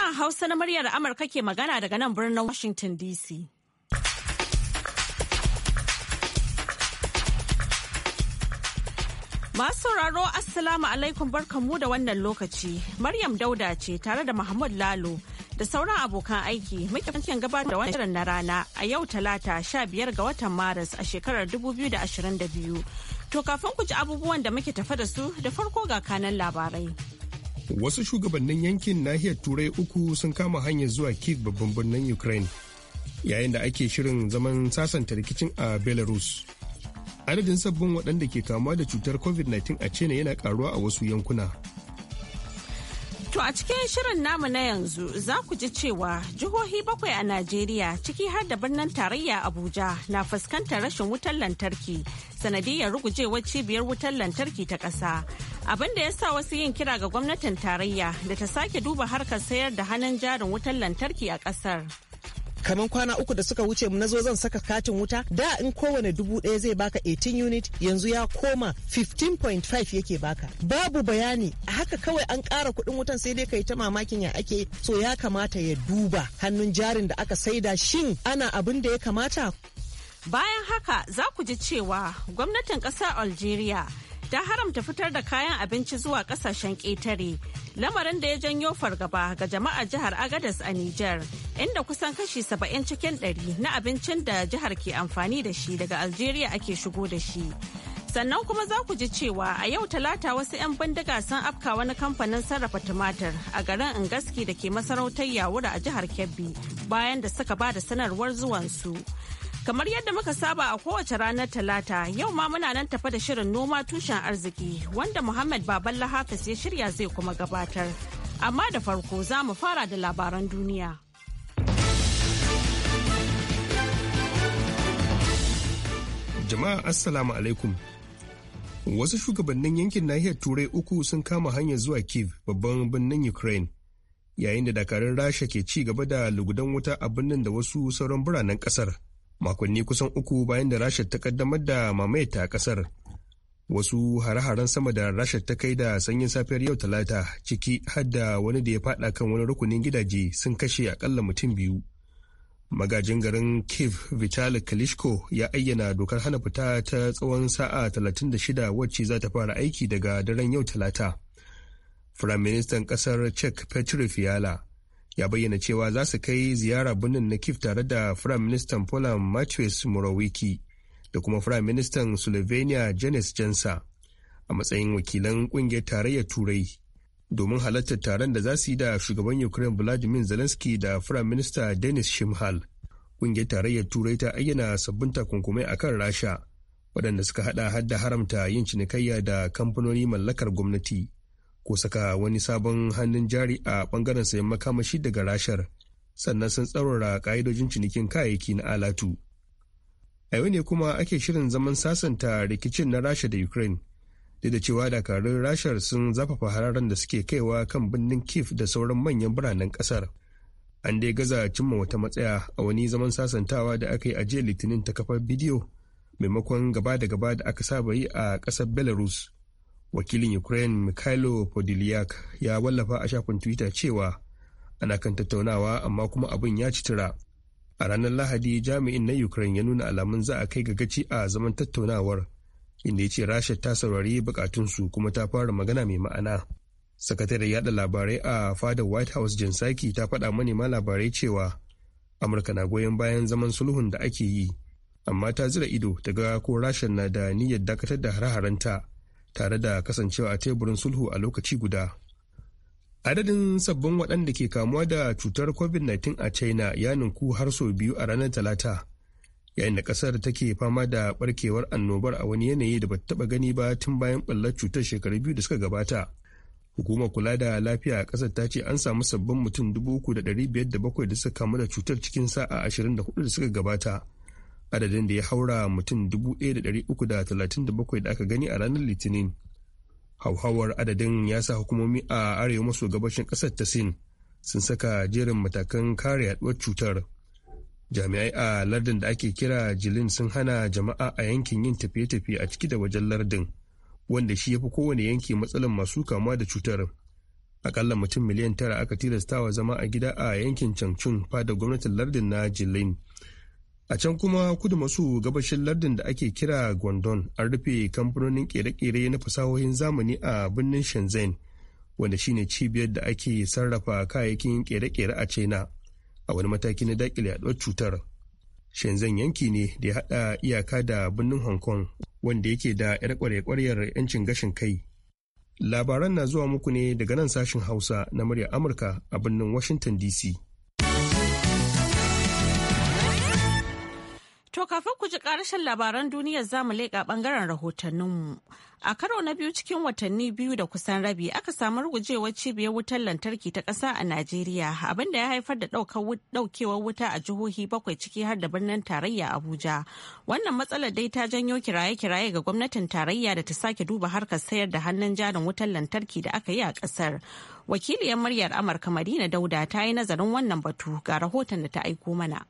Sashen Hausa na muryar Amurka ke magana daga nan birnin Washington DC. Masu sauraro Assalamu alaikum barkanmu da wannan lokaci. Maryam Dauda ce tare da Mahmud Lalo da sauran abokan aiki muke kan gabatar da wannan na rana a yau talata 15 ga watan Maris a shekarar 2022. To kafin ku ji abubuwan da muke tafa da su da farko ga kanan labarai. wasu shugabannin yankin nahiyar turai uku sun kama hanyar zuwa kiev babban birnin ukraine yayin da ake shirin zaman sasanta rikicin a belarus adadin sabbin waɗanda ke kamuwa da cutar covid-19 a china yana karuwa a wasu yankuna To a cikin shirin namu na yanzu za ku ji cewa jihohi bakwai a Najeriya ciki har da birnin tarayya Abuja na fuskantar rashin wutar lantarki sanadiyar rugujewar cibiyar wutar lantarki ta ƙasa abin da ya sa wasu yin kira ga gwamnatin tarayya da ta sake duba harkar sayar da hannun jarin wutar lantarki a kasar. kamar kwana uku da suka wuce na zo zan saka katin wuta da in kowane dubu ɗaya zai baka 18 unit yanzu ya koma 15.5 yake baka babu bayani a haka kawai an ƙara kuɗin wutan sai dai kai ta mamakin ya ake so ya kamata ya duba hannun jarin da aka saida shin ana abin da ya kamata bayan haka za ku ji cewa gwamnatin ƙasar algeria ta haramta fitar da kayan abinci zuwa kasashen ƙetare lamarin da ya janyo fargaba ga jama'a jihar agadas a niger inda kusan kashi 70 cikin 100 na abincin da jihar ke amfani da shi daga Algeria ake shigo da shi. Sannan kuma za ku ji cewa a yau talata wasu 'yan bindiga sun afka wani kamfanin sarrafa tumatir a garin Ingaski da ke masarautar Yawura a jihar Kebbi bayan da suka ba da sanarwar zuwansu. Kamar yadda muka saba a kowace ranar Talata, yau ma muna nan tafa da shirin noma tushen arziki wanda Muhammad Baballa Hafiz ya shirya zai kuma gabatar. Amma da farko za mu fara da labaran duniya. Jama'a Assalamu alaikum. Wasu shugabannin yankin nahiyar Turai uku sun kama hanyar zuwa Kiev babban birnin Ukraine. Yayin da dakarun Rasha ke ci gaba da lugudan wuta a birnin da wasu sauran biranen kasar. makonni kusan uku bayan da rasha ta kaddamar da a kasar wasu hare-haren sama da rasha ta kai da sanyin safiyar yau talata ciki har da wani da ya fada kan wani rukunin gidaje sun kashe akalla mutum biyu magajin garin kiv vitali kalishko ya ayyana dokar hana fita ta tsawon sa'a 36 wacce za ta fara aiki daga daren yau talata firaministan kasar czech petro fiala ya bayyana cewa za su kai ziyara birnin na kif tare da firayim ministan poland matthews morawiki da kuma firayim ministan slovenia janis jansa a matsayin wakilan kungiyar tarayyar turai domin halartar taron da za su yi da shugaban ukraine vladimir zelensky da firayim minista denis shimhal kungiyar tarayyar turai ta ayyana sabbin takunkumai a kan rasha waɗanda suka haɗa har da haramta yin cinikayya da kamfanoni mallakar gwamnati ko saka wani sabon hannun jari a bangaren sayan makamashi daga rashar sannan sun tsarora ka'idojin cinikin kayayyaki na alatu a yau ne kuma ake shirin zaman sasanta rikicin na rasha da ukraine duk da cewa dakarun rashar sun zafafa hararen da suke kaiwa kan birnin kif da sauran manyan biranen kasar an dai gaza cimma wata matsaya a wani zaman sasantawa da aka yi a jiya litinin ta kafar bidiyo maimakon gaba da gaba da aka saba yi a ƙasar belarus wakilin ukraine mikhailo podilyak ya wallafa a shafin twitter cewa ana kan tattaunawa amma kuma abin ya ci a ranar lahadi jami'in na ukraine ya nuna alamun za a kai ga gaci a zaman tattaunawar inda ya ce rasha ta saurari bukatunsu kuma ta fara magana mai ma'ana sakatare yada labarai a fadar white house jin saki ta faɗa manema labarai cewa amurka na goyon bayan zaman sulhun da ake yi amma ta zira ido ta ga ko rasha na da niyyar dakatar da hare-harenta tare da kasancewa a teburin sulhu a lokaci guda adadin sabbin waɗanda ke kamuwa da cutar covid-19 a china ya ninku har sau biyu a ranar talata yayin da ƙasar take fama da barkewar annobar a wani yanayi da ba taɓa gani ba tun bayan ɓallar cutar shekaru biyu da suka gabata hukumar kula da lafiya a ƙasar ta ce an samu sabbin mutum 3,507 da suka kamu da cutar cikin sa'a 24 da suka gabata adadin da ya haura mutum 1,337 da aka gani a ranar litinin hauhawar adadin ya sa hukumomi a arewa maso gabashin ƙasar ta sin sun saka jerin matakan kare yaduwar cutar jami'ai a lardin da ake kira jilin sun hana jama'a a yankin yin tafiye-tafiye a ciki da wajen lardin wanda shi ya fi kowane yanki matsalan masu kamuwa da cutar akalla mutum miliyan tara aka tilastawa zama a gida a yankin cancun fada gwamnatin lardin na jilin A can kuma kudu masu gabashin lardin da ake kira Gondon an rufe kamfanonin kere-kere na fasahohin zamani a birnin Shenzhen wanda shine cibiyar da ake sarrafa kayayyakin kere-kere a China a wani mataki na dakile yaduwar cutar. Shenzhen yanki ne da ya haɗa iyaka da birnin Hong Kong wanda yake da 'yar kware 'yancin gashin kai. Labaran na zuwa muku ne daga nan sashin Hausa na murya Amurka a birnin Washington DC. To kafin ku ji karashin labaran duniyar zamu leƙa ɓangaren rahotanninmu. A karo na biyu cikin watanni biyu da kusan rabi aka samu rugujewar cibiyar wutar lantarki ta ƙasa a Najeriya abinda ya haifar da ɗaukewar wuta a jihohi bakwai ciki har da birnin tarayya Abuja. Wannan matsalar dai ta janyo kiraye-kiraye ga gwamnatin tarayya da ta sake duba harkar sayar da hannun jarin wutar lantarki da aka yi a ƙasar. Wakiliyar muryar Amurka Madina Dauda ta yi nazarin wannan batu ga rahoton da ta aiko mana.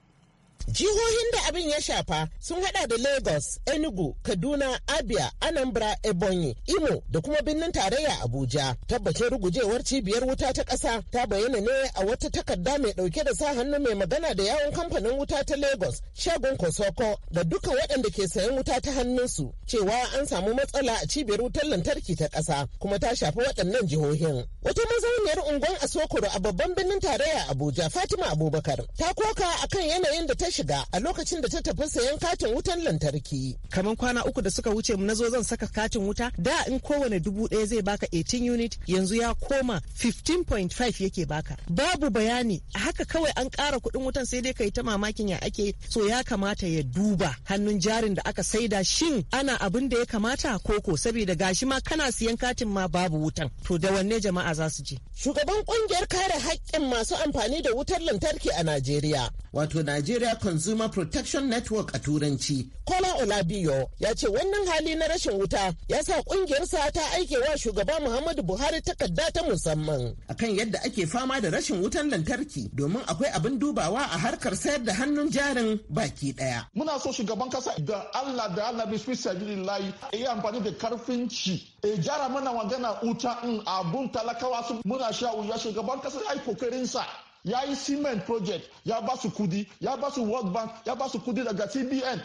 Jihohin da abin ya shafa sun hada da Lagos, Enugu, Kaduna, Abia, Anambra, Ebonyi, Imo da kuma birnin tarayya Abuja. Tabbacin rugujewar cibiyar wuta ta ƙasa ta bayyana ne a wata takarda mai ɗauke da sa hannu mai magana da yawon kamfanin wuta ta Lagos, shagon Kosoko da dukkan waɗanda ke sayan wuta ta hannunsu cewa an samu matsala a cibiyar wutar lantarki ta ƙasa kuma ta shafi waɗannan jihohin. Wata mazauniyar unguwar Asokoro a babban birnin tarayya Abuja Fatima Abubakar ta koka akan yanayin da ta shiga a lokacin da ta tafi sayan katin wutan lantarki. Kamar kwana uku da suka wuce na zo zan saka katin wuta da in kowane dubu ɗaya zai baka 18 unit yanzu ya koma 15.5 yake baka. Babu bayani haka kawai an kara kuɗin wutan sai dai kai ta mamakin ya ake so ya kamata ya duba hannun jarin da aka saida shin ana abin da ya kamata ko ko saboda gashi ma kana siyan katin ma babu wutan to da wanne jama'a za su je. Shugaban kungiyar kare haƙƙin masu amfani da wutar lantarki a Najeriya. Wato Najeriya Consumer Protection Network a Turanci. Kola Olabiyo ya ce wannan hali na rashin wuta ya sa ƙungiyarsa ta aike wa shugaba Muhammadu Buhari takarda ta musamman. Akan yadda ake fama da rashin wutan lantarki domin akwai abin dubawa a harkar sayar da hannun jarin baki ɗaya. Muna so shugaban kasa da Allah da Allah bi su yi amfani da karfin ci. E jara mana magana wuta in abun talakawa su muna sha wuya shugaban kasa ya yi kokarin sa. ya yi cement project ya ba su kudi ya ba su world bank ya ba su kudi daga cbn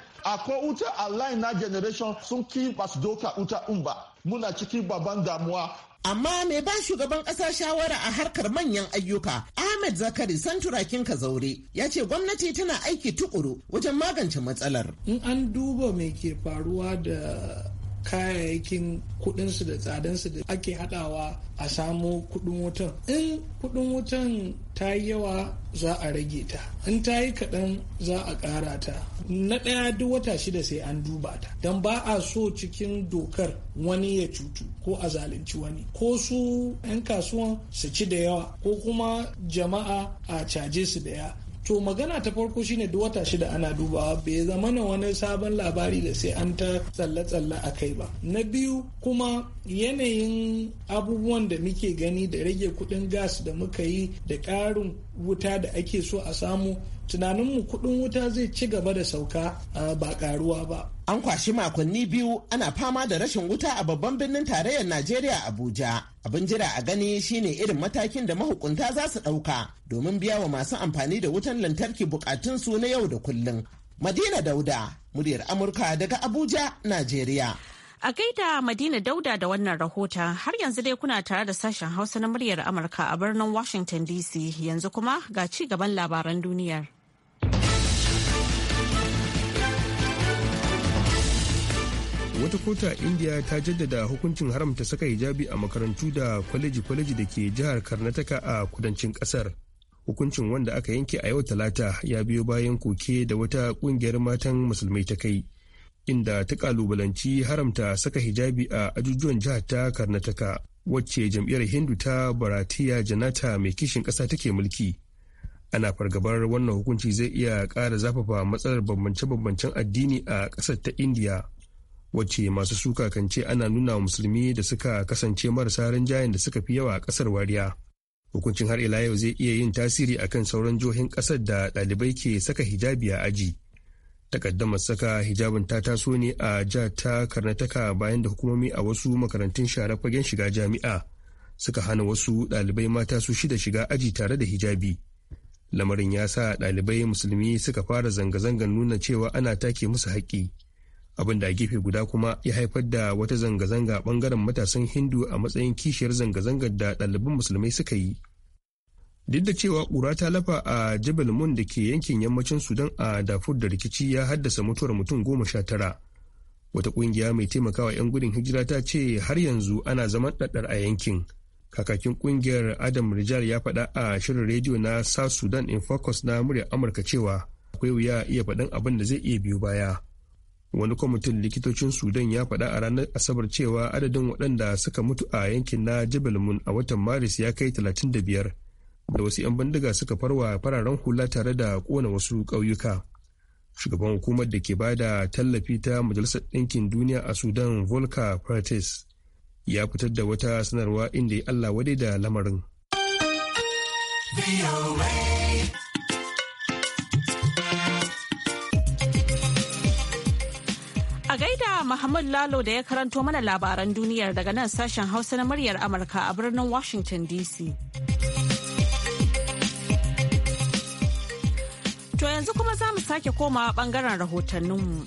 ko wuta a na generation sun ki ba su doka wuta in muna cikin babban damuwa amma mai ba shugaban kasa shawara a harkar manyan ayyuka ahmed zakari santurakin zaure ya ce gwamnati tana aiki tukuru wajen magance matsalar in an duba mai ke faruwa da kayayyakin kudinsu da tsadansu da ake hadawa a samo kudin wutan in kudin wutan ta yi yawa za a rage ta in ta yi kaɗan za a ƙara ta na ɗaya duk wata shida sai an duba ta don ba a so cikin dokar wani ya cutu ko a zalunci wani ko su 'yan kasuwan su ci da yawa ko kuma jama'a a caje su da yawa to magana ta farko shine duk wata shida ana dubawa bai zama na wani sabon labari da sai an ta tsalle-tsalle a kai ba na biyu kuma yanayin abubuwan da muke gani da rage kudin gas da muka yi da ƙarin wuta da ake so a samu tunaninmu kudin wuta zai ci gaba da sauka ba karuwa ba. An kwashi makonni biyu ana fama da rashin wuta a babban birnin tarayyar Najeriya Abuja. Abin jira a gani shine irin matakin da mahukunta za su ɗauka domin biya wa masu amfani da wutan lantarki bukatunsu na yau da kullum. Madina Dauda, muryar Amurka daga Abuja, Najeriya. A gaida Madina Dauda da wannan rahota har yanzu dai kuna tare da sashen Hausa na muryar Amurka a birnin Washington DC yanzu kuma ga ci gaban labaran duniyar. Wata kota a India ta jaddada hukuncin haramta saka hijabi a makarantu da kwaleji-kwaleji da ke jihar Karnataka a kudancin kasar. Hukuncin wanda aka yanke a yau talata ya biyo bayan koke da wata kungiyar matan musulmai ta kai. inda ta kalubalanci haramta saka hijabi a ajujuwan jihar ta karnataka wacce jam'iyyar hindu ta baratiya janata mai kishin ƙasa take mulki ana fargabar wannan hukunci zai iya ƙara zafafa matsalar bambance-bambancen addini a ƙasar ta indiya wacce masu suka kan ce ana nuna wa musulmi da suka kasance marasa rinjayen da suka fi yawa a ƙasar wariya hukuncin har ila yau zai iya yin tasiri akan sauran jihohin ƙasar da ɗalibai ke saka hijabi a aji takaddamar saka hijabin ta taso ne a jihar ta karnataka bayan da hukumomi a wasu makarantun share fagen shiga jami'a suka hana wasu ɗalibai mata su shida shiga aji tare da hijabi lamarin ya sa ɗalibai musulmi suka fara zanga-zangar nuna cewa ana take musu haƙƙi abin da a gefe guda kuma ya haifar da wata zanga-zanga ɓangaren matasan hindu a matsayin kishiyar zanga-zangar da ɗaliban musulmai suka yi duk da cewa ƙura ta lafa a jabal mun da ke yankin yammacin sudan a dafur da rikici ya haddasa mutuwar mutum goma sha tara wata ƙungiya mai taimakawa 'yan gudun hijira ta ce har yanzu ana zaman ɗaɗɗar a yankin kakakin ƙungiyar adam rijal ya faɗa a shirin rediyo na south sudan in focus na muryar amurka cewa akwai wuya iya faɗin abin da zai iya biyu baya wani kwamitin likitocin sudan ya faɗa a ranar asabar cewa adadin waɗanda suka mutu a yankin na jabal mun a watan maris ya kai talatin da biyar da wasu 'yan bindiga suka farwa fararen hula tare da kona wasu ƙauyuka shugaban hukumar da ke ba da tallafi ta majalisar ɗinkin duniya a sudan volka pratis ya fitar da wata sanarwa inda ya allah wade da lamarin A gaida Muhammad Lalo da ya karanto mana labaran duniyar daga nan sashen Hausa na muryar Amurka a birnin Washington DC. To yanzu kuma za mu sake komawa bangaren rahotanninmu.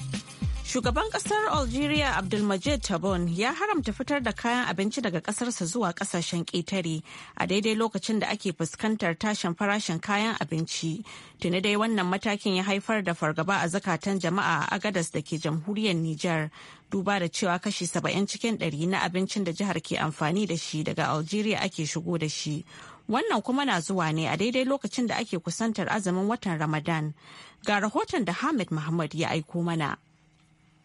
Shugaban kasar Algeria Abdulmajid Tabon ya haramta fitar da kayan abinci daga kasarsa zuwa kasashen ƙetare a daidai lokacin da ake fuskantar tashin farashin kayan abinci. Tuni dai wannan matakin ya haifar da fargaba a zakatan jama'a a Agadas da ke jamhuriyar Nijar duba da cewa kashi saba'in cikin 100 na abincin da jihar ke amfani da shi daga Algeria ake shigo da shi Wannan kuma na zuwa ne a daidai lokacin da ake kusantar azumin watan Ramadan. Ga rahoton da Hamid Muhammad ya aiko mana.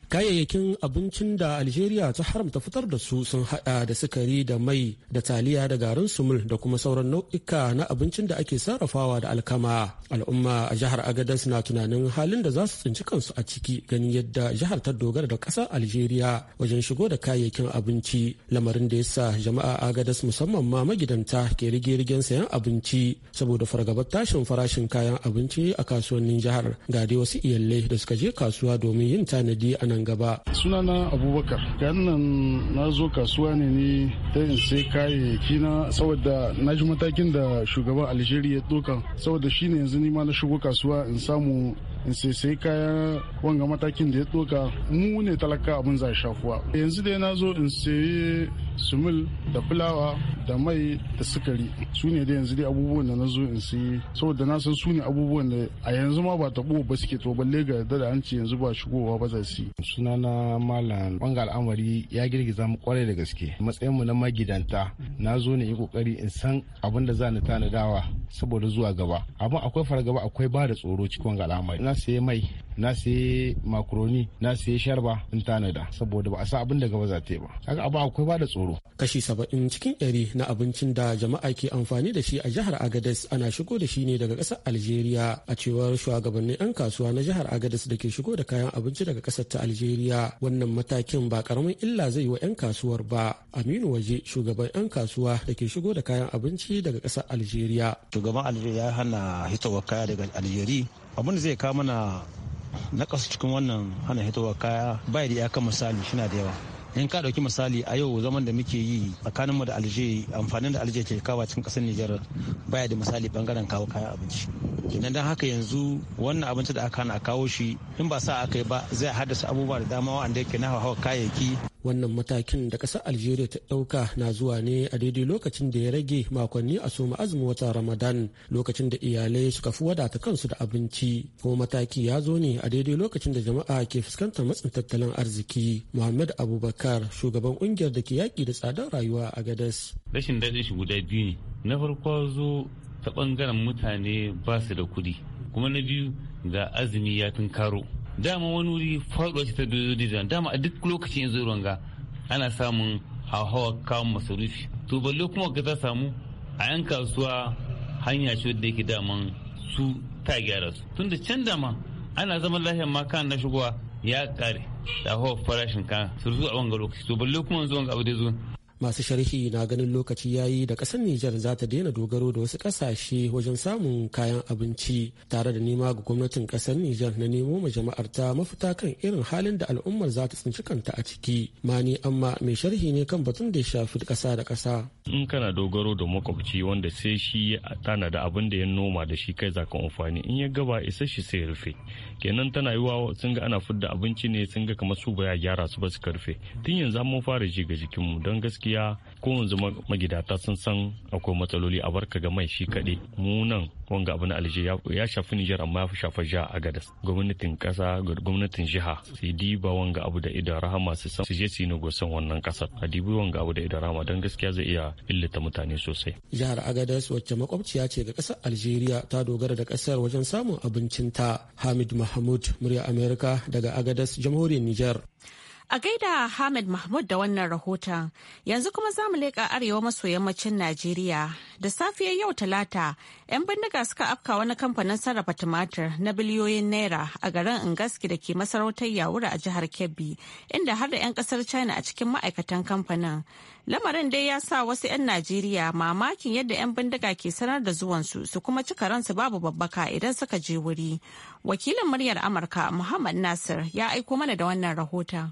kayayyakin abincin da algeria ta haramta fitar da su sun hada da sukari da mai da taliya da garin sumul da kuma sauran nau'ika na abincin da ake sarrafawa da alkama al'umma a jihar agadas na tunanin halin da za su tsinci kansu a ciki ganin yadda jihar ta dogara da ƙasar algeria wajen shigo da kayayyakin abinci lamarin da ya sa jama'a agadas musamman ma magidanta ke rige-rigen sayan abinci saboda fargabar tashin farashin kayan abinci a kasuwannin jihar ga dai wasu iyalai da suka je kasuwa domin yin tanadi a nan gaba. Sunana Abubakar, nan na zo kasuwa ne ni ta yin sai kayayyaki na saboda na ji matakin da shugaban Algeria ya doka saboda ne yanzu nima na shigo kasuwa in samu in sai sai kaya wanga matakin da ya doka mu ne talaka abin za shafuwa. Yanzu dai na zo in sayi sumul da fulawa da mai da sukari su ne da yanzu dai abubuwan da na zo in sayi saboda na san su ne abubuwan da a yanzu ma ba taɓo ba suke to balle ga da an ce yanzu ba shigowa ba za su sunana malam wanga al'amari ya girgiza mu kwarai da gaske matsayin mu na magidanta na zo ne yi kokari in san abin da za ni tanadawa saboda zuwa gaba amma akwai fargaba akwai ba da tsoro cikin al'amari na sayi mai na sayi makaroni na sayi sharba in tanada saboda ba a sa abin da gaba za ta yi ba kaga abu akwai ba da tsoro goro. Kashi saba'in cikin ɗari na abincin da jama'a ke amfani da shi a jihar Agadez ana shigo da shi ne daga ƙasar Algeria a cewar shugabannin 'yan kasuwa na jihar Agadez da ke shigo da kayan abinci daga ƙasar ta Algeria. Wannan matakin ba ƙaramin illa zai yi wa 'yan kasuwar ba. Aminu Waje shugaban 'yan kasuwa da ke shigo da kayan abinci daga ƙasar Algeria. Shugaban Algeria ya hana hitowar kaya daga Algeria. Abin da zai kawo mana na cikin wannan hana hitowar kaya bai da iyakar misali shi na da yawa. in ka dauki misali a yau zaman da muke yi tsakanin mu da alje amfanin da alje ke kawo cikin kasar Nijar baya da misali bangaren kawo kayan abinci idan dan haka yanzu wannan abinci da aka hana kawo shi in ba sa aka yi ba zai haddasa abubuwa da dama wanda yake na hawa kayayyaki wannan matakin da kasar algeria ta dauka na zuwa ne a daidai lokacin da ya rage makonni a soma azumin watan ramadan lokacin da iyalai suka fi wadata kansu da abinci kuma mataki ya zo ne a daidai lokacin da jama'a ke fuskantar matsin tattalin arziki muhammad abubakar abubakar shugaban kungiyar da ke yaƙi da tsadar rayuwa a gadas rashin daɗin shi guda biyu ne na farko zo ta ɓangaren mutane ba su da kuɗi kuma na biyu ga azumi ya karo. dama wani wuri faɗuwa shi ta dodo dama a duk lokacin yanzu ruwanga ana samun hawa kawo masarufi to balle kuma ka ta samu a yan kasuwa hanya ce wadda yake daman su ta gyara su tunda can dama ana zama lafiyar ma kan na shigowa ya kare da hawa farashin kan su a wanga lokaci to balle kuma yanzu abu da zuwa masu sharhi na ganin lokaci yayi da kasar Nijar za ta daina dogaro da wasu kasashe wajen samun kayan abinci tare da nema ga gwamnatin kasar Nijar na nemo ma jama'ar ta mafita kan irin halin da al'ummar za ta tsinci kanta a ciki. Mani amma mai sharhi ne kan batun da ya shafi kasa da kasa. In kana dogaro da makwabci wanda sai shi tana da abin da ya noma da shi kai zaka amfani in ya gaba isa shi sai rufe kenan tana wa sun ga ana fidda abinci ne sun ga kamar su ba gyara su ba su karfe tun yanzu mun fara ji ga jikinmu don gaskiya gaskiya ko yanzu magidata sun san akwai matsaloli a barka ga mai shi kaɗai munan wanga abu na alje ya shafi nijar amma ya fi shafa jiha a gadas gwamnatin kasa gwamnatin jiha su diba wanga abu da idan rahama su san su je su yi nagosan wannan kasar a dibi wanga abu da idan rahama don gaskiya zai iya illata mutane sosai jihar agadas wacce makwabciya ce ga kasar algeria ta dogara da kasar wajen samun abincinta hamid mahmud murya amerika daga agadas jamhuriyar nijar A gaida Hamid Mahmud da wannan rahoton yanzu kuma za mu leƙa arewa maso yammacin Najeriya. Da safiyar yau talata, 'yan bindiga suka afka wani kamfanin sarrafa tumatir na biliyoyin naira a garin Ingaski da ke masarautar Yawura a jihar Kebbi, inda har da 'yan kasar China a cikin ma'aikatan kamfanin. Lamarin dai ya sa wasu 'yan Najeriya mamakin yadda 'yan bindiga ke sanar da zuwansu su kuma cika ransu babu babbaka idan suka je wuri. Wakilin muryar Amurka Muhammad Nasir ya aiko mana da wannan rahoton.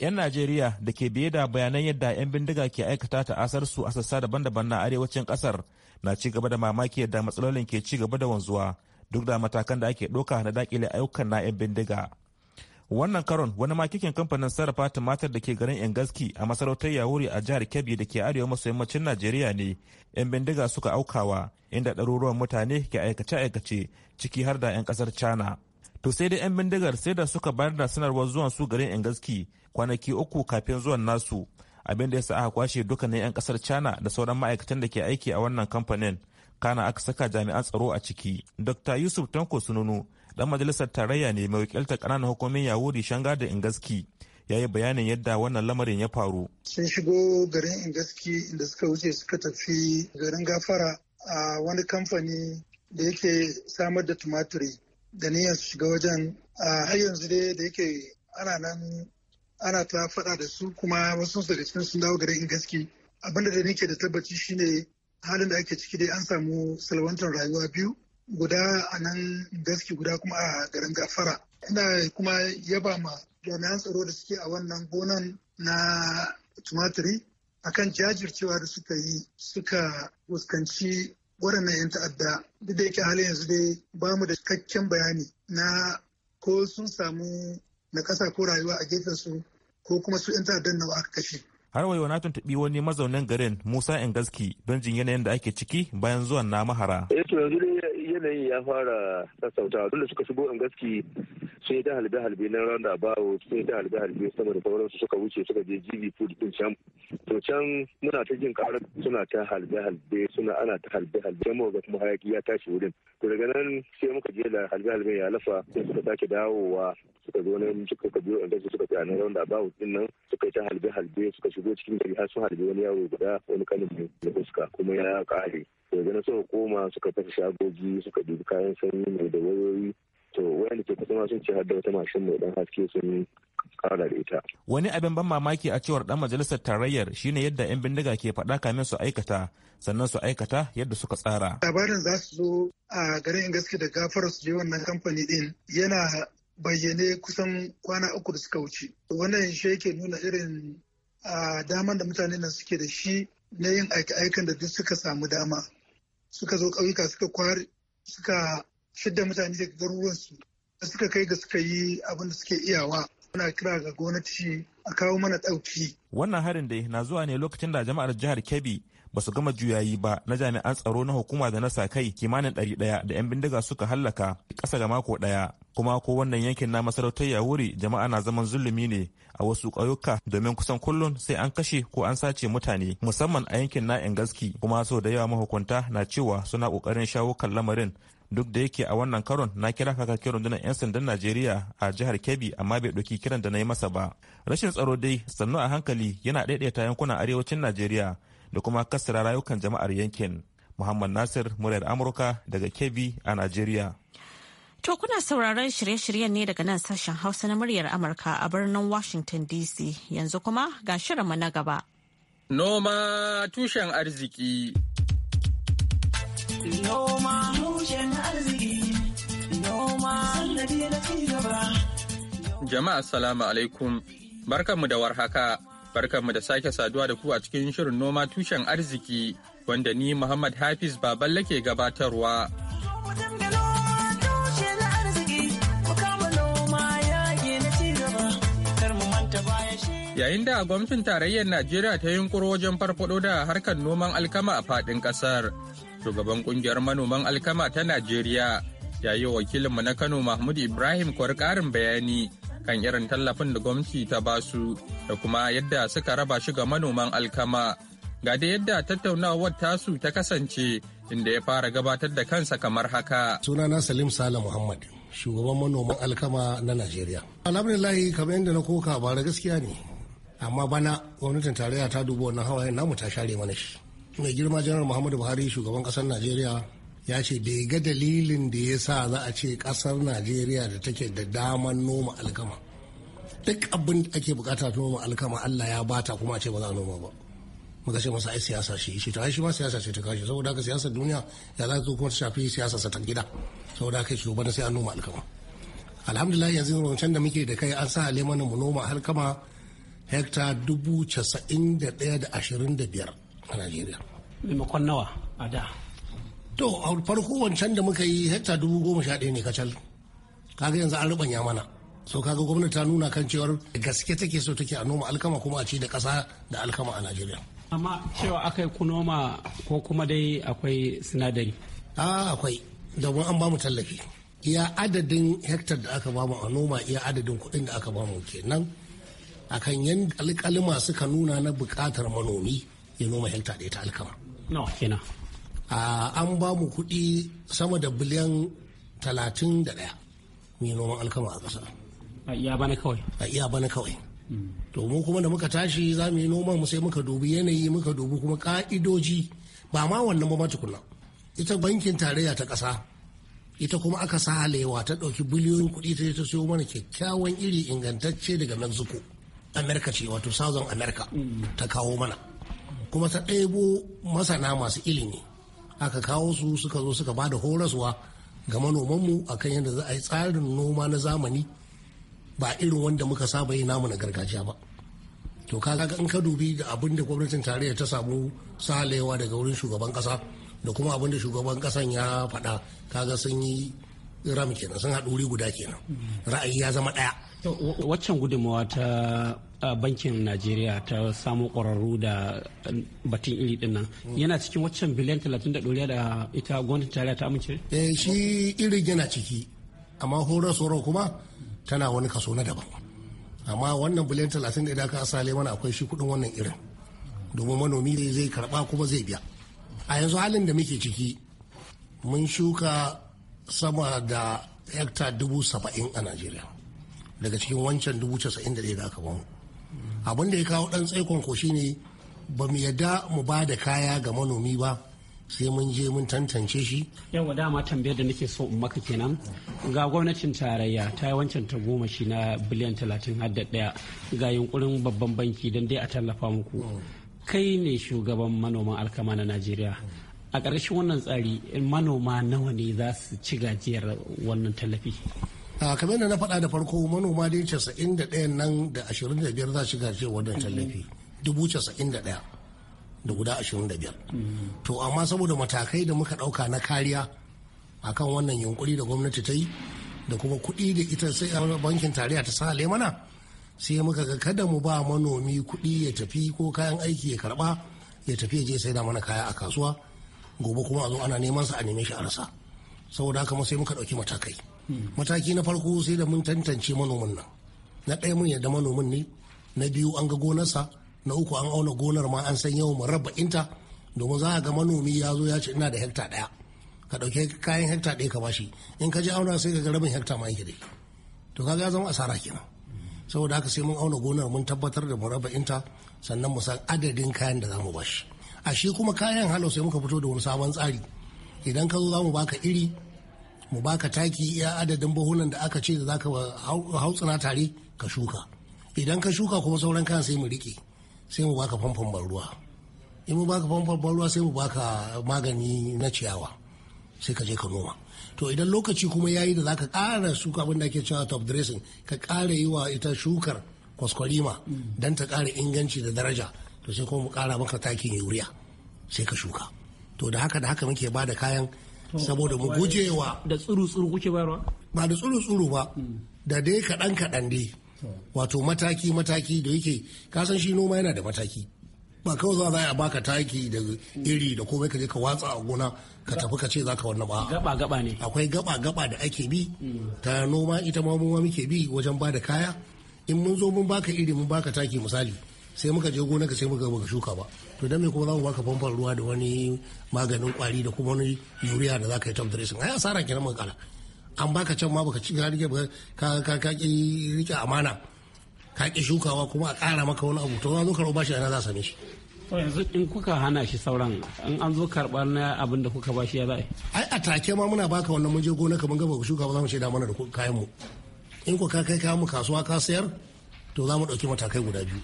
'yan najeriya da ke biye da bayanan yadda 'yan bindiga ke aikata ta ta'asarsu a sassa daban-daban na arewacin kasar na ci gaba da mamaki yadda matsalolin ke ci gaba da wanzuwa duk da matakan da ake ɗauka na dakile ayyukan na 'yan bindiga wannan karon wani makikin kamfanin sarrafa tumatir da ke garin engaski a masarautar yawuri a jihar kebbi da ke arewa maso yammacin najeriya ne yan bindiga suka aukawa inda ɗaruruwan mutane ke aikace-aikace ciki har da 'yan ƙasar china to sai dai yan bindigar sai da suka bayar da sanarwar zuwan su garin engaski kwanaki uku kafin zuwan nasu abinda ya sa aka kwashe dukkanin 'yan kasar china da sauran ma'aikatan da ke aiki a wannan kamfanin kana aka saka jami'an tsaro a ciki dr yusuf tanko sununu dan majalisar tarayya ne mai wakiltar kananan hukumin yahudi shanga da ingaski ya yi bayanin yadda wannan lamarin ya faru. Sun shigo garin Ingaski inda suka wuce suka tafi garin Gafara a wani kamfani da yake samar da tumatiri da niyyar su shiga wajen a har yanzu dai da yake ana nan ana ta faɗa da su kuma wasu daga cikin sun dawo garin gaske abinda da nake da tabbaci shine halin da ake ciki dai an samu salwantar rayuwa biyu guda a nan gaske guda kuma a garin gafara ina kuma yaba ma jami'an tsaro da suke a wannan gonan na tumatiri akan jajircewa da suka yi suka fuskanci waɗannan 'yan ta'adda duk da yake halin yanzu dai ba mu da cikakken bayani na ko sun samu na kasa ko rayuwa a gefen su ko kuma su 'yan ta'addan nawa aka kashe. Har wayo na tuntuɓi wani mazaunin garin Musa Engaski don jin yanayin da ake ciki bayan zuwan na mahara. Eh, yanzu dai yanayin ya fara sassauta tunda suka shigo in gaski sun yi ta halbe halbe na randa bawo sun yi ta halbe halbe sama da sauransu suka wuce suka je jibi food din can to can muna ta jin karar suna ta halbe halbe suna ana ta halbe halbe can muka kuma hayaki ya tashi wurin to daga nan sai muka je da halbe halbe ya lafa sai suka sake dawowa suka zo nan suka ka biyo gaski suka fi nan randa a din nan suka yi ta halbe halbe suka shigo cikin gari har sun halbe wani yaro guda wani kanin mai fuska kuma ya kare yanzu na suka koma suka tafi shagogi suka dubi kayan sanyi mai da wayoyi to wayanda ke kusa masu sun ce har da wata mashin mai dan haske sun kara da ita. Wani abin ban mamaki a cewar dan majalisar tarayyar shine yadda 'yan bindiga ke faɗa kamin su aikata sannan su aikata yadda suka tsara. Labarin za su zo a garin gaske da gafar su je wannan kamfani din yana bayyane kusan kwana uku da suka wuce. Wannan shi yake nuna irin daman da mutane nan suke da shi na yin aika-aikan da duk suka samu dama. suka zo ƙauyuka suka kware suka shidda mutane daga garuruwansu da suka kai ga suka yi abin da suke iyawa muna kira ga gwamnati a kawo mana ɗauki. wannan harin dai na zuwa ne lokacin da jama'ar jihar kebbi ba su gama juyayi ba na jami'an tsaro na hukuma da na sa kai kimanin ɗari ɗaya da 'yan bindiga suka hallaka ƙasa ga mako ɗaya kuma ko wannan yankin na masarautar yawuri jama'a na zaman zulumi ne a wasu ƙauyuka domin kusan kullum sai an kashe ko an sace mutane musamman a yankin na gaski kuma so da yawa mahukunta na cewa suna ƙoƙarin shawo kan lamarin duk da yake a wannan karon na kira Kaka kakakin rundunar 'yan sandan najeriya a jihar kebbi amma bai ɗauki kiran da na yi masa ba rashin tsaro dai sannu a hankali yana ɗaiɗaita yankunan arewacin najeriya da kuma kasara rayukan jama'ar yankin muhammad nasir muryar amurka daga kebbi a najeriya To kuna sauraron shirye-shiryen ne daga nan sashen Hausa na muryar Amurka a birnin Washington DC yanzu kuma ga shirinmu na gaba. Noma tushen arziki. Noma tushen arziki. Noma Jama'a salamu alaikum. Barkanmu da warhaka. Barkanmu da sake saduwa da ku a cikin shirin noma tushen arziki wanda ni Muhammad Hafiz Baballe ke gabatarwa. yayin da gwamnatin tarayyar najeriya ta yunkuro wajen farfado da harkar noman alkama a fadin ƙasar shugaban ƙungiyar manoman alkama ta najeriya ya yi wakilinmu na kano mahmud ibrahim kwar karin bayani kan irin tallafin da gwamnati ta ba su da kuma yadda suka raba shi ga manoman alkama ga da yadda tattaunawar tasu ta kasance inda ya fara gabatar da kansa kamar haka sunana salim sala muhammad shugaban manoman alkama na najeriya alhamdulillah kamar yadda na koka bara gaskiya ne amma bana gwamnatin tarayya ta dubi wannan hawayen namu ta share mana shi mai girma janar muhammadu buhari shugaban kasar najeriya ya ce bai ga dalilin da ya sa za a ce kasar najeriya da take da daman noma alkama duk abin da ake bukata noma alkama allah ya bata kuma a ce ba za a noma ba muka ce masa ai siyasa shi shi ta shi ma siyasa ce ta kashi saboda haka siyasar duniya ya za ta kuma shafi siyasar sa ta gida saboda haka shugaban sai an noma alkama alhamdulillah yanzu wancan da muke da kai an sa leman mu noma alkama hekta dubu casa'in da ɗaya da ashirin da biyar a Najeriya. Limakon nawa a da? To, a farko wancan da muka yi hekta dubu goma sha ɗaya ne kacal. Kaga yanzu an rubanya mana. So kaga gwamnati ta nuna kan cewar gaske take so take a noma alkama kuma a ci da kasa da alkama a Najeriya. Amma cewa aka yi kunoma ko kuma dai akwai sinadari? A akwai, domin an bamu tallafi. Iya adadin hektar da aka bamu a noma iya adadin kuɗin da aka bamu kenan. akan yan masu ka nuna na buƙatar manomi ya noma hekta ɗaya ta alkama. No, kina. an ba mu kuɗi sama da biliyan talatin da ɗaya mai noman alkama a ƙasa. A iya bana kawai. A iya bana kawai. Hmm. To mu kuma da muka tashi za mu yi noman mu sai muka dubi yanayi muka dubi kuma ka'idoji ba ma wannan ba ma tukuna. Ita bankin tarayya ta ƙasa ita kuma aka sa halewa ta ɗauki biliyoyin kuɗi ta ta siyo mana kyakkyawan iri ingantacce daga Mexico. Amerika ce wato southern america mm. ta kawo mana kuma ta ɗebo masana masu ilimi aka kawo su suka zo suka bada horaswa ga manomanmu akan yadda za a yi tsarin noma na zamani ba irin wanda muka saba yi namu na gargajiya ba to kaga in ka dubi da abin da gwamnatin tarayya ta samu salewa daga wurin shugaban kasa da kuma abin da shugaban kasan ya faɗa kaga sun yi ram kenan sun haɗu wuri guda kenan mm. ra'ayi ya zama ɗaya Waccan gudunmawa ta bankin Najeriya ta samu ƙwararru da um, batun iri din nan yana cikin waccan biliyan 30 da doriya da ita gwamnatin tarayya ta amince? Eh shi irin yana ciki amma horar horaswar kuma tana wani kaso na daban. Amma wannan biliyan 30 da idan ka asale mana akwai shi kuɗin wannan irin domin manomi zai karba kuma zai biya. A yanzu halin da muke ciki mun shuka sama da hekta dubu saba'in a Najeriya. daga cikin wancan dubu casa'in da ɗaya aka bamu abin da ya kawo ɗan tsaikon ko ne ba mu yadda mu ba da kaya ga manomi ba sai mun je mun tantance shi Yau yawa dama tambayar da nake so in maka kenan ga gwamnatin tarayya ta yi wancan ta goma shi na biliyan talatin har da ɗaya ga yunkurin babban banki don dai a tallafa muku kai ne shugaban manoman alkama na najeriya a ƙarshen wannan tsari manoma nawa ne za su ci gajiyar wannan tallafi a kamar yadda na faɗa da farko manoma dai casa'in da ɗayan nan da ashirin da biyar za su shiga wannan tallafi dubu casa'in da ɗaya da guda ashirin da biyar to amma saboda matakai da muka ɗauka na kariya a kan wannan yunkuri da gwamnati ta yi da kuma kuɗi da ita sai bankin tarayya ta sa mana sai muka ga kada mu ba manomi kuɗi ya tafi ko kayan aiki ya karɓa ya tafi ya je sai da mana kaya a kasuwa gobe kuma a zo ana neman sa a neme shi a rasa saboda haka sai muka ɗauki matakai mataki na farko sai da mun tantance manomin nan na ɗaya mun yadda manomin ne na biyu an ga gonarsa na uku an auna gonar ma an san yawan raba'inta domin za a ga manomi ya zo ya ce ina da hekta ɗaya ka ɗauke kayan hekta ɗaya ka bashi in ka je auna sai ka ga rabin hekta ma yake dai to kaga ya zama asara kenan saboda haka sai mun auna gonar mun tabbatar da raba'inta sannan mu san adadin kayan da za mu bashi a shi kuma kayan halau sai muka fito da wani sabon tsari idan ka zo za mu baka iri mu baka taki iya adadin buhunan da aka ce da zaka hautsina tare ka shuka idan ka shuka kuma sauran kan sai mu rike sai mu baka famfon ban ruwa in mu baka famfon ban ruwa sai mu baka magani na ciyawa sai ka je ka noma to idan lokaci kuma yayi da zaka ƙara shuka abin ake cewa top dressing ka ƙara yi wa ita shukar kwaskwarima don ta ƙara inganci da daraja to sai kuma mu ƙara maka takin yuriya sai ka shuka to da haka da haka muke ba da kayan saboda mu guje da tsuru-tsuru kuke bayarwa ba da tsuru-tsuru ba da dai kaɗan-kaɗan dai wato mataki-mataki da yake kasan shi noma yana da mataki ba kawai za a yi baka taki da iri da komai ka ka watsa a gona ka tafi ka ce zaka wannan ba gaba gaba ne akwai gaba gaba da ake bi ta noma ita ma muke bi wajen ba da kaya in mun zo mun baka iri mun baka taki misali sai muka je gonaka sai muka baka shuka ba to dan me kuma za mu baka famfan ruwa da wani maganin kwari da kuma wani yuriya da zaka yi top dressing ai asara kenan mun kala an baka can ma baka ci ka ka ka ki rike amana ka ki shukawa kuma a kara maka wani abu to zo karo bashi ana za same shi yanzu in kuka hana shi sauran in an zo karɓar na abin da kuka bashi ya za'a ai a take ma muna baka wannan mun je gona mun gaba ku shuka ba za mu ce da mana da kayan mu in ku ka kai kayan mu kasuwa ka sayar to za mu ɗauki matakai guda biyu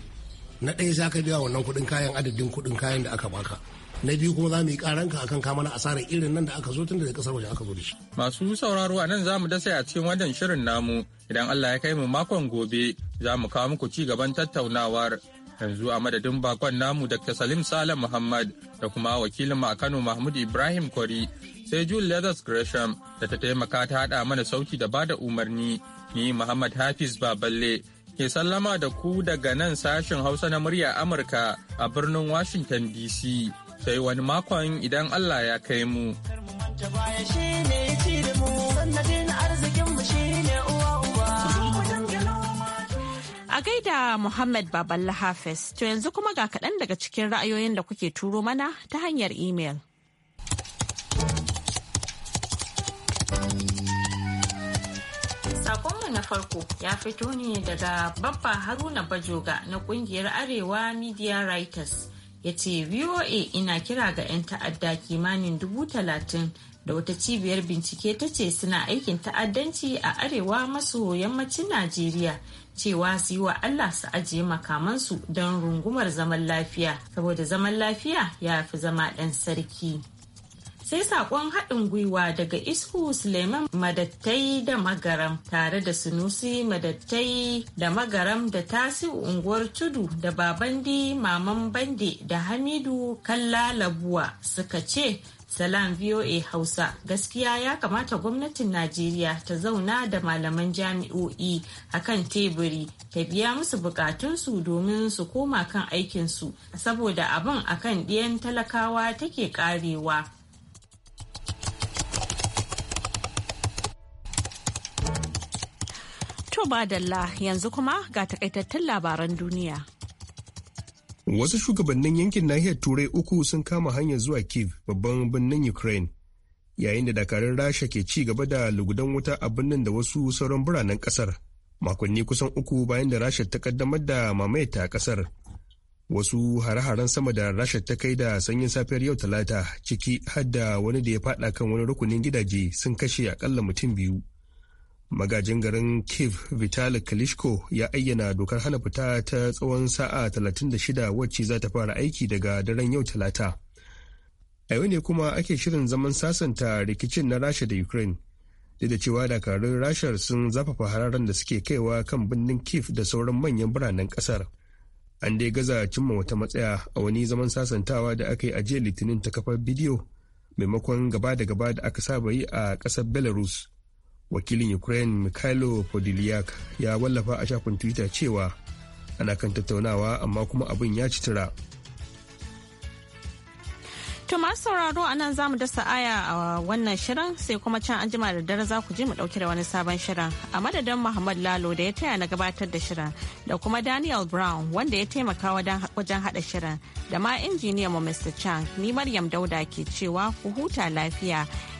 na ɗaya za ka biya wannan kuɗin kayan adadin kuɗin kayan da aka baka na biyu kuma za mu yi karanka akan kama asarar irin nan da aka zo tun daga kasar waje aka zo da shi. Masu sauraro a nan za mu dasa a cikin wannan shirin namu idan Allah ya kai mu makon gobe za mu kawo muku ci gaban tattaunawar. Yanzu a madadin bakon namu Dr. Salim Salam Muhammad da kuma wakilin mu a Kano Mahmud Ibrahim Kwari sai Jule Leathers Gresham da ta taimaka ta haɗa mana sauti da bada umarni ni Muhammad Hafiz Baballe ke sallama da ku daga nan sashen Hausa na murya Amurka a birnin Washington DC. Sai wani makon idan Allah ya kai mu. A gaida Muhammad Baballa Hafiz, to yanzu kuma ga kaɗan daga cikin ra'ayoyin da kuke turo mana ta hanyar imel. farko ya fito ne daga babba haruna bajoga na kungiyar arewa media writers ya ce voa ina kira ga 'yan ta'adda kimanin dubu talatin da wata cibiyar bincike ta ce suna aikin ta'addanci a arewa maso yammacin najeriya cewa su yi wa allah su ajiye makamansu don rungumar zaman lafiya saboda zaman lafiya ya fi zama ɗan sarki sai sakon haɗin gwiwa daga isku suleiman madattai da magaram tare da sunusi madattai da magaram da tasi unguwar tudu da babandi maman bande da hamidu kalla labuwa suka ce salam voa hausa gaskiya ya kamata gwamnatin najeriya ta zauna da malaman jami'o'i a kan teburi ta biya musu bukatunsu domin su koma kan aikinsu saboda abin akan ɗiyan talakawa take karewa To ba dalla yanzu kuma ga takaitattun labaran duniya. Wasu shugabannin yankin nahiyar Turai uku sun kama hanyar zuwa Kiev babban birnin Ukraine yayin da dakarun Rasha ke ci gaba da lugudan wuta a birnin da wasu sauran biranen kasar makonni kusan uku bayan da Rasha ta kaddamar da mamayata kasar. Wasu hare-haren sama da Rasha ta kai da sanyin safiyar yau Talata ciki har wani da ya faɗa kan wani rukunin gidaje sun kashe akalla mutum biyu. magajin garin kiv vitali klitschko ya ayyana dokar hana fita ta tsawon sa'a 36 wacce za ta fara aiki daga daren yau talata a yau ne kuma ake shirin zaman sasanta rikicin na rasha da ukraine duk da cewa dakarun rashar sun zafafa hararen da suke kaiwa kan birnin kiv da sauran manyan biranen kasar an dai gaza cimma wata matsaya a wani zaman sasantawa da aka yi a jiya litinin ta kafar bidiyo maimakon gaba da gaba da aka saba yi a kasar belarus wakilin ukraine mikhailo podiliak ya wallafa a shafin twitter cewa ana kan tattaunawa amma kuma abin ya ci tura To masu sauraro a nan za mu dasa aya a wannan shirin sai kuma can an jima da dare za ku ji mu dauke da wani sabon shirin a madadin Muhammad Lalo da ya taya na gabatar da shirin da kuma Daniel Brown wanda ya taimaka wajen hada shirin da ma injiniyan mu Mr. Chang ni Maryam Dauda ke cewa ku huta lafiya.